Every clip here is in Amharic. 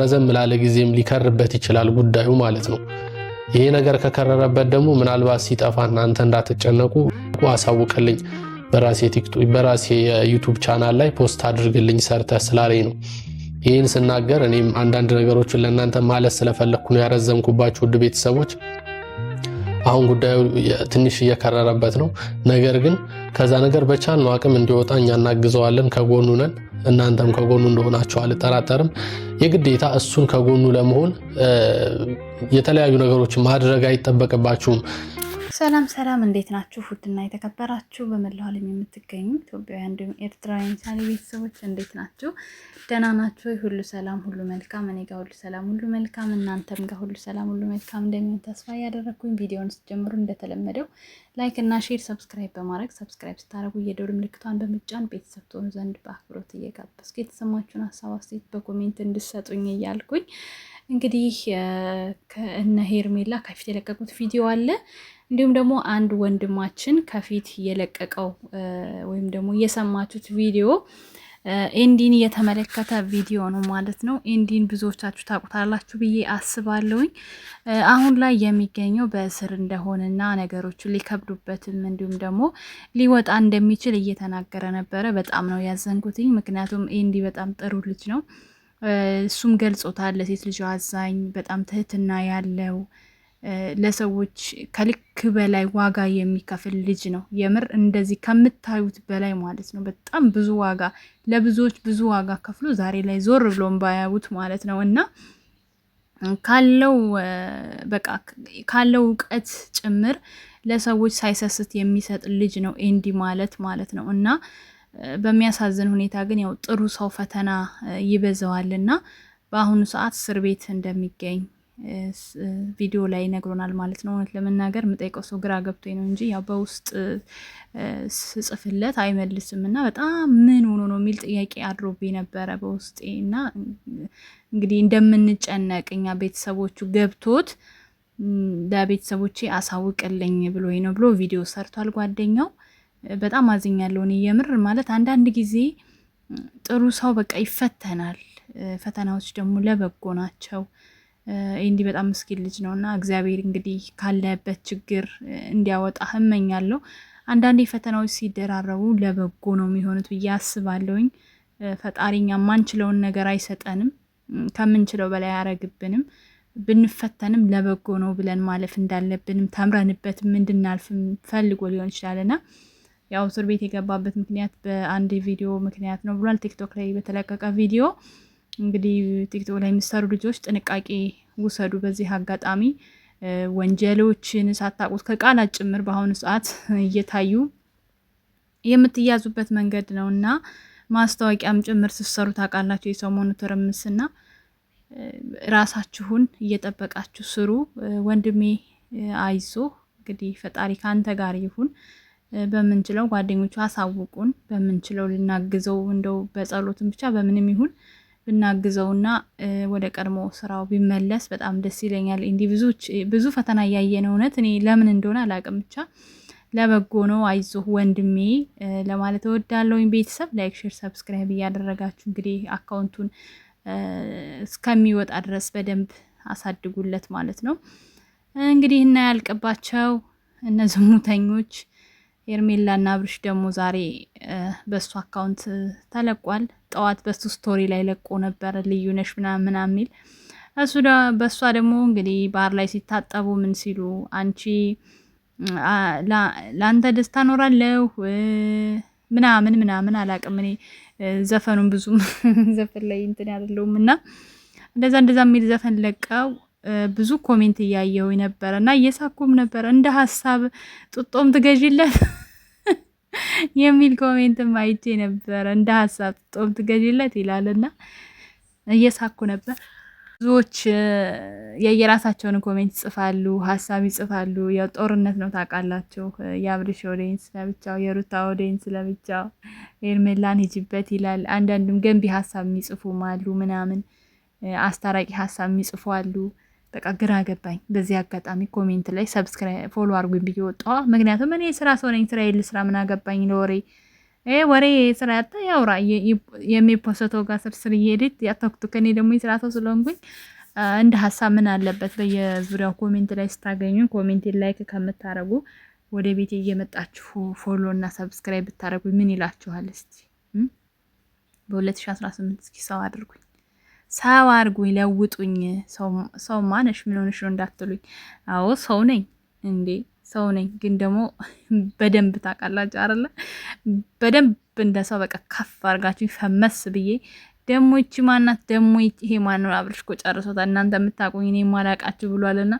ረዘም ላለ ጊዜም ሊከርበት ይችላል ጉዳዩ ማለት ነው። ይሄ ነገር ከከረረበት ደግሞ ምናልባት ሲጠፋ እናንተ እንዳትጨነቁ አሳውቅልኝ፣ በራሴ የዩቱብ ቻናል ላይ ፖስት አድርግልኝ ሰርተ ስላለኝ ነው ይህን ስናገር። እኔም አንዳንድ ነገሮችን ለእናንተ ማለት ስለፈለግኩ ነው ያረዘምኩባቸው። ውድ ቤተሰቦች። አሁን ጉዳዩ ትንሽ እየከረረበት ነው። ነገር ግን ከዛ ነገር በቻልነው አቅም እንዲወጣ እኛ እናግዘዋለን፣ ከጎኑ ነን። እናንተም ከጎኑ እንደሆናችሁ አልጠራጠርም። የግዴታ እሱን ከጎኑ ለመሆን የተለያዩ ነገሮችን ማድረግ አይጠበቅባችሁም። ሰላም ሰላም፣ እንዴት ናችሁ? ውድና የተከበራችሁ በመላው ዓለም የምትገኙ ኢትዮጵያውያን እንዲሁም ኤርትራውያን ሳሌ ቤተሰቦች እንዴት ናችሁ? ደህና ናችሁ? ሁሉ ሰላም፣ ሁሉ መልካም። እኔ ጋር ሁሉ ሰላም፣ ሁሉ መልካም። እናንተም ጋር ሁሉ ሰላም፣ ሁሉ መልካም እንደሚሆን ተስፋ እያደረግኩኝ ቪዲዮውን ስትጀምሩ እንደተለመደው ላይክ እና ሼር፣ ሰብስክራይብ በማድረግ ሰብስክራይብ ስታደርጉ የደወል ምልክቷን በምጫን ቤተሰብ ትሆኑ ዘንድ በአክብሮት እየጋበዝኩ የተሰማችሁን ሀሳብ አስተያየት በኮሜንት እንድሰጡኝ እያልኩኝ እንግዲህ ከእነ ሄርሜላ ከፊት የለቀቁት ቪዲዮ አለ እንዲሁም ደግሞ አንድ ወንድማችን ከፊት የለቀቀው ወይም ደግሞ የሰማችሁት ቪዲዮ ኤንዲን የተመለከተ ቪዲዮ ነው ማለት ነው። ኤንዲን ብዙዎቻችሁ ታውቁታላችሁ ብዬ አስባለሁኝ። አሁን ላይ የሚገኘው በእስር እንደሆነና ነገሮችን ሊከብዱበትም እንዲሁም ደግሞ ሊወጣ እንደሚችል እየተናገረ ነበረ። በጣም ነው ያዘንኩትኝ። ምክንያቱም ኤንዲ በጣም ጥሩ ልጅ ነው። እሱም ገልጾታል። ለሴት ልጅ አዛኝ፣ በጣም ትህትና ያለው ለሰዎች ከልክ በላይ ዋጋ የሚከፍል ልጅ ነው። የምር እንደዚህ ከምታዩት በላይ ማለት ነው። በጣም ብዙ ዋጋ ለብዙዎች ብዙ ዋጋ ከፍሎ ዛሬ ላይ ዞር ብሎም ባያዩት ማለት ነው እና ካለው በቃ ካለው እውቀት ጭምር ለሰዎች ሳይሰስት የሚሰጥ ልጅ ነው ኤንዲ ማለት ማለት ነው እና በሚያሳዝን ሁኔታ ግን ያው ጥሩ ሰው ፈተና እና በአሁኑ ሰዓት እስር ቤት እንደሚገኝ ቪዲዮ ላይ ይነግሮናል ማለት ነው። እውነት ለመናገር የምጠይቀው ሰው ግራ ገብቶኝ ነው እንጂ ያው በውስጥ ስጽፍለት አይመልስም እና በጣም ምን ሆኖ ነው የሚል ጥያቄ አድሮብኝ ነበረ በውስጤ እና እንግዲህ እንደምንጨነቅ እኛ ቤተሰቦቹ ገብቶት ለቤተሰቦቼ አሳውቅልኝ ብሎኝ ነው ብሎ ቪዲዮ ሰርቷል ጓደኛው። በጣም አዝኛለሁ እኔ የምር ማለት አንዳንድ ጊዜ ጥሩ ሰው በቃ ይፈተናል። ፈተናዎች ደግሞ ለበጎ ናቸው። እንዲህ በጣም ምስኪን ልጅ ነው እና እግዚአብሔር እንግዲህ ካለበት ችግር እንዲያወጣ እመኛለሁ። አንዳንዴ ፈተናዎች ሲደራረቡ ለበጎ ነው የሚሆኑት ብዬ አስባለሁኝ። ፈጣሪኛ ማንችለውን ነገር አይሰጠንም፣ ከምንችለው በላይ አያረግብንም። ብንፈተንም ለበጎ ነው ብለን ማለፍ እንዳለብንም ተምረንበትም እንድናልፍም ፈልጎ ሊሆን ይችላልና ያው እስር ቤት የገባበት ምክንያት በአንድ ቪዲዮ ምክንያት ነው ብሏል። ቲክቶክ ላይ በተለቀቀ ቪዲዮ እንግዲህ ቲክቶክ ላይ የሚሰሩ ልጆች ጥንቃቄ ውሰዱ። በዚህ አጋጣሚ ወንጀሎችን ሳታውቁት ከቃላት ጭምር በአሁኑ ሰዓት እየታዩ የምትያዙበት መንገድ ነው እና ማስታወቂያም ጭምር ስትሰሩ ታውቃላችሁ። የሰሞኑ ትርምስና ራሳችሁን እየጠበቃችሁ ስሩ። ወንድሜ አይዞ እንግዲህ ፈጣሪ ከአንተ ጋር ይሁን። በምንችለው ጓደኞቹ አሳውቁን፣ በምንችለው ልናግዘው እንደው በጸሎትም ብቻ በምንም ይሁን ብናግዘውና ወደ ቀድሞ ስራው ቢመለስ በጣም ደስ ይለኛል። እንዲህ ብዙዎች ብዙ ፈተና እያየን እውነት እኔ ለምን እንደሆነ አላውቅም፣ ብቻ ለበጎ ነው። አይዞህ ወንድሜ ለማለት እወዳለሁኝ። ቤተሰብ ላይክ፣ ሼር፣ ሰብስክራይብ እያደረጋችሁ እንግዲህ አካውንቱን እስከሚወጣ ድረስ በደንብ አሳድጉለት ማለት ነው። እንግዲህ እና ያልቅባቸው እነ ዝሙተኞች ሄርሜላና አብርሽ ደግሞ ዛሬ በእሱ አካውንት ተለቋል። ጠዋት በሱ ስቶሪ ላይ ለቆ ነበር ልዩነሽ ምናምን ምናምን የሚል እሱ በእሷ ደግሞ እንግዲህ ባህር ላይ ሲታጠቡ ምን ሲሉ አንቺ ለአንተ ደስታ ኖራለሁ ምናምን ምናምን አላቅም። እኔ ዘፈኑን ብዙም ዘፈን ላይ እንትን ያደለውም እና እንደዛ እንደዛ የሚል ዘፈን ለቀው ብዙ ኮሜንት እያየው ነበረ እና እየሳኩም ነበረ። እንደ ሀሳብ ጡጦም ትገዥለት የሚል ኮሜንትም አይቼ ነበረ። እንደ ሀሳብ ጡጦም ትገዥለት ይላል እና እየሳኩ ነበር። ብዙዎች የየራሳቸውን ኮሜንት ይጽፋሉ፣ ሀሳብ ይጽፋሉ። ያው ጦርነት ነው ታውቃላቸው የአብርሽ ኦዴንስ ለብቻው፣ የሩታ ኦዴንስ ለብቻው፣ ኤርሜላን ሂጅበት ይላል። አንዳንዱም ገንቢ ሀሳብ የሚጽፉም አሉ ምናምን አስታራቂ ሀሳብ የሚጽፉ አሉ። በቃ ግራ ገባኝ። በዚህ አጋጣሚ ኮሜንት ላይ ሰብስክራይብ፣ ፎሎ አርጉኝ ብዬ ወጣዋ። ምክንያቱም እኔ ስራ ሰው ነኝ። ስራ የል ስራ ምን አገባኝ ለወሬ ወሬ የስራ ያጣ ያውራ የሚፖሰተው ጋር ስርስር እየሄድት ያተኩቱክ። ከኔ ደግሞ የስራ ሰው ስለሆንኩኝ እንደ ሀሳብ ምን አለበት በየዙሪያው ኮሜንት ላይ ስታገኙ ኮሜንት ላይክ ከምታረጉ ወደ ቤት እየመጣችሁ ፎሎ እና ሰብስክራይብ ብታደረጉኝ ምን ይላችኋል? እስቲ በ2018 እስኪ ሰው አድርጉኝ። ሰው አድርጉኝ፣ ለውጡኝ። ሰው ማነሽ? ምን ሆነሽ ነው እንዳትሉኝ። አዎ ሰው ነኝ እንዴ ሰው ነኝ። ግን ደግሞ በደንብ ታውቃላችሁ አይደለ? በደንብ እንደ ሰው በቃ ከፍ አድርጋችሁ ፈመስ ብዬ ደግሞ ይቺ ማናት ደግሞ ይሄ ማነው? አብርሽ እኮ ጨርሶታል። እናንተ የምታውቁኝ እኔ ብሏል። ብሏልና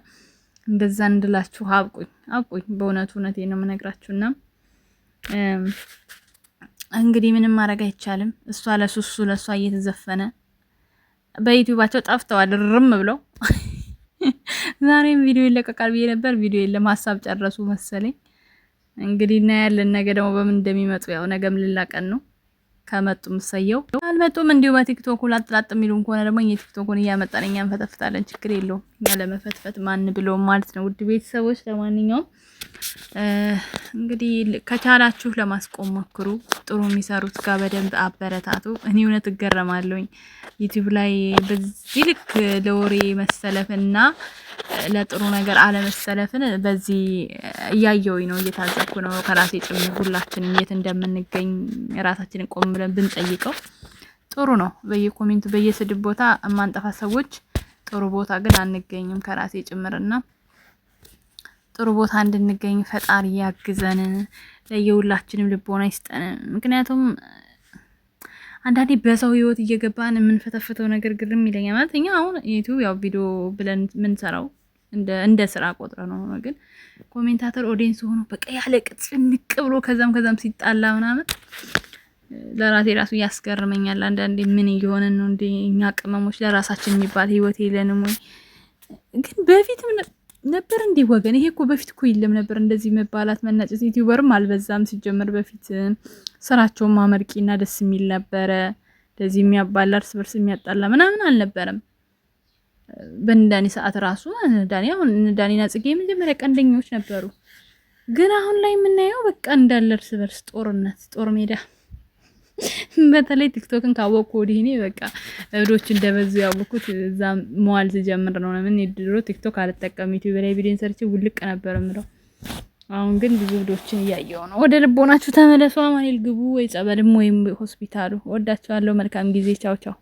እንደዛ እንድላችሁ አብቁኝ፣ አብቁኝ። በእውነቱ እውነቴን ነው የምነግራችሁና እንግዲህ ምንም ማድረግ አይቻልም። እሷ ለሱሱ ለእሷ እየተዘፈነ በዩቲዩባቸው ጠፍተዋል ርም ብለው። ዛሬም ቪዲዮ ይለቀቃል ብዬ ነበር፣ ቪዲዮ የለም። ሀሳብ ጨረሱ መሰለኝ። እንግዲህ እናያለን ነገ ደግሞ በምን እንደሚመጡ ያው ነገም ልላቀን ነው። ከመጡ ምሰየው አልመጡም እንዲሁ በቲክቶክ ላጥላጥ የሚሉን ከሆነ ደግሞ እኛ ቲክቶኩን እያመጣን እኛ እንፈተፍታለን። ችግር የለውም። እኛ ለመፈትፈት ማን ብሎ ማለት ነው። ውድ ቤተሰቦች፣ ለማንኛውም እንግዲህ ከቻላችሁ ለማስቆም ሞክሩ። ጥሩ የሚሰሩት ጋር በደንብ አበረታቱ። እኔ እውነት እገረማለሁኝ ዩቲዩብ ላይ በዚህ ልክ ለወሬ መሰለፍና ለጥሩ ነገር አለመሰለፍን በዚህ እያየው ነው፣ እየታዘብኩ ነው ከራሴ ጭምር። ሁላችንም የት እንደምንገኝ ራሳችንን ቆም ብለን ብንጠይቀው ጥሩ ነው። በየኮሜንቱ በየስድብ ቦታ የማንጠፋ ሰዎች ጥሩ ቦታ ግን አንገኝም። ከራሴ ጭምርና ጥሩ ቦታ እንድንገኝ ፈጣሪ ያግዘን፣ ለየሁላችንም ልቦና ይስጠን። ምክንያቱም አንዳንዴ በሰው ህይወት እየገባን የምንፈተፍተው ነገር ግርም ይለኛል። ማለት እኛ አሁን ዩቱብ ያው ቪዲዮ ብለን የምንሰራው እንደ ስራ ቆጥረ ነው ሆኖ ግን ኮሜንታተር ኦዲንስ ሆኖ በቃ ያለ ቅጽ ንቅ ብሎ ከዛም ከዛም ሲጣላ ምናምን ለራሴ ራሱ እያስገርመኛል። አንዳንዴ ምን እየሆነ ነው እንደ እኛ ቅመሞች ለራሳችን የሚባል ህይወት የለንም ወይ? ግን በፊትም ነበር እንዲህ ወገን፣ ይሄ እኮ በፊት እኮ የለም ነበር እንደዚህ መባላት መናጨት። ዩቲዩበርም አልበዛም ሲጀምር በፊት ስራቸውም አመርቂና ደስ የሚል ነበረ። እንደዚህ የሚያባላ እርስ በርስ የሚያጣላ ምናምን አልነበረም። በነዳኒ ሰዓት ራሱ ዳኒ አሁን ነዳኒና ጽጌ የመጀመሪያ ቀንደኞች ነበሩ። ግን አሁን ላይ የምናየው በቃ እንዳለ እርስ በርስ ጦርነት፣ ጦር ሜዳ። በተለይ ቲክቶክን ካወቅኩ ወዲህ እኔ በቃ እብዶች እንደበዙ ያወቅኩት እዛ መዋል ስጀምር ነው። ምን ድሮ ቲክቶክ አልጠቀም ዩቲዩብ ላይ ቪዲዮን ሰርቼ ውልቅ ነበር ምለው። አሁን ግን ብዙ እብዶችን እያየው ነው። ወደ ልቦናችሁ ተመለሱ። አማኔል ግቡ ወይ ጸበልም ወይም ሆስፒታሉ። ወዳችኋለሁ። መልካም ጊዜ። ቻው ቻው።